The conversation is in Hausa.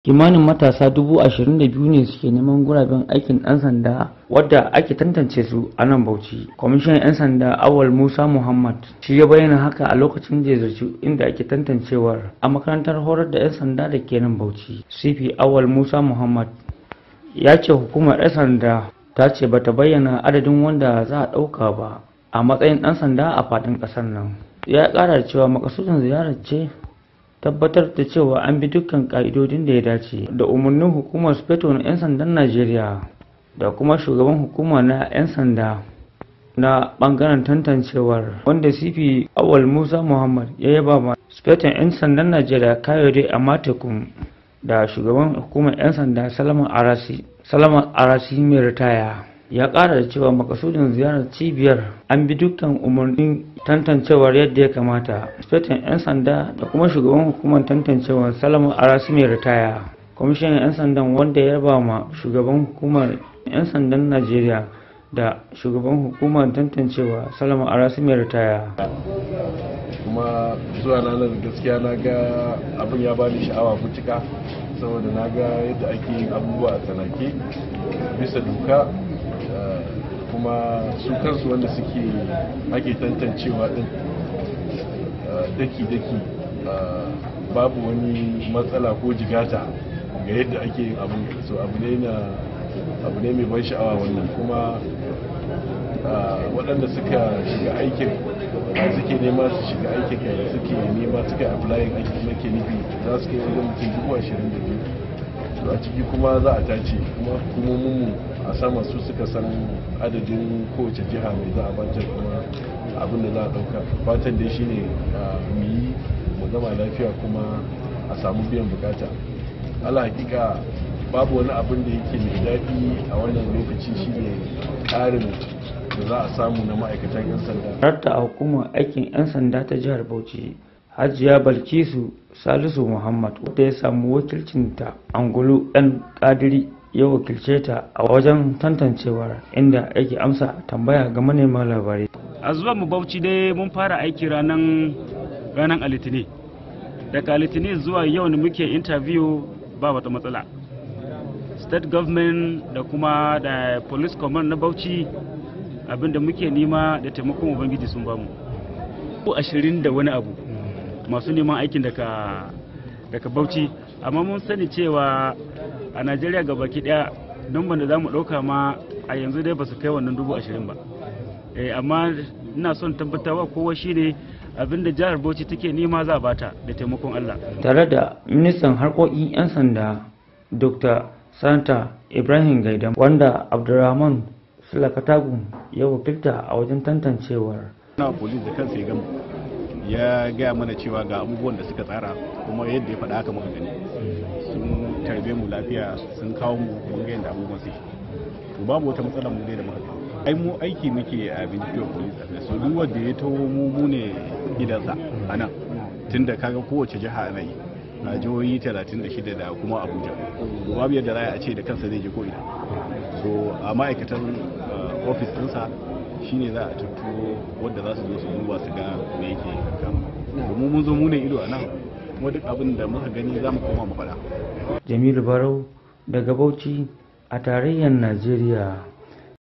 kimanin matasa dubu ashirin da biyu ne suke neman guraben aikin ɗan sanda wadda ake tantance su a nan bauchi kwamishinan 'yan sanda awal musa muhammad shi ya bayyana haka a lokacin da inda ake tantancewar a makarantar horar da 'yan sanda da ke nan bauchi cp awal musa muhammad ya ce hukumar 'yan sanda ta ce ba ta bayyana adadin wanda za a ɗauka ba a matsayin ɗan sanda a faɗin ƙasar nan ya ƙara cewa makasudin ziyarar ce tabbatar da cewa an bi dukkan ka'idodin da ya dace da umarnin hukumar speto na 'yan sandan najeriya da kuma shugaban hukuma na 'yan sanda na bangaren tantancewar wanda cp awal musa muhammad ya yaba ma Spetan 'yan sandan najeriya kayode matakun da shugaban hukumar 'yan sanda salama arasi mai ritaya ya ƙara da cewa makasudin ziyarar cibiyar an bi dukkan umarnin tantancewar yadda ya kamata inspector 'yan sanda da kuma shugaban hukumar tantancewar salamu arasu mai ritaya kwamishin 'yan sandan wanda ya ba ma shugaban hukumar 'yan sandan najeriya da shugaban hukumar tantancewa salamu arasu mai ritaya kuma zuwa na nan gaskiya na ga abin ya bani sha'awa mutuka saboda na ga yadda ake abubuwa a tsanake bisa doka kuma su kansu wanda suke ake tantancewa din ah, daki-daki ah, babu wani matsala ko jigata ga yadda ake yin so abu ne na abu ne mai ban sha'awa wannan kuma ah, waɗanda suka shiga aikin suke nema su shiga aikin da suke nema suka applying aikin nake nufi za su kai wajen mutum dubu ashirin da biyu a ciki kuma za a tace kuma hukumomin sama su suka san adadin kowace jiha mai za a bata kuma abin da za a ɗauka fatan dai shine mu yi mu zama lafiya kuma a samu biyan bukata ala hakika babu wani abin da yake mai daɗi a wannan lokaci shine ƙarin da za a samu na ma'aikatan 'yan sanda. Rarta a hukumar aikin 'yan sanda ta jihar Bauchi Hajiya Balkisu Salisu Muhammad wata ya samu wakilcinta Angulu 'yan kadiri ya wakilce ta a wajen tantancewar inda yake amsa tambaya ga manema labarai a zuwa mu bauchi dai mun fara aiki ranar ranar alitini daga alitini zuwa yau ne muke interview ba wata matsala state government da kuma da police command na bauchi abinda muke nema da taimakon ubangiji sun bamu ko ashirin da wani abu masu neman aikin daga bauchi amma mun sani cewa a najeriya gaba daya numban da za mu ɗauka ma a yanzu dai ba su kai wannan dubu ashirin ba eh, amma ina son tabbatarwa kowa shine abin da jihar bauchi take nema za a bata da taimakon allah tare da ministan harkokin 'yan sanda dr santa ibrahim gaidam wanda abdurrahman sulakatagun ya wakilta a wajen tantancewar na da kansa ya gama ya gaya mana cewa ga abubuwan da suka tsara kuma yadda ya faɗa haka muka gani sun tarbe mu lafiya sun kawo mu mun ga yadda abubuwan shi to babu wata matsala mu dai da muka ai mu aiki muke a bincike police da su duk wanda ya taho mu mu ne gidansa a nan tunda kaga kowace jiha na yi a jihohi 36 da kuma abuja babu yadda za a ce da kansa zai je ko ina so a ma'aikatan ofis ɗinsa shine za a tuttuwo wadda za su zo su duba su ga me yake kama mu mun zo mu ne ido a nan kuma duk abin da muka gani za mu koma mu faɗa jamilu barau daga bauchi a tarayyar najeriya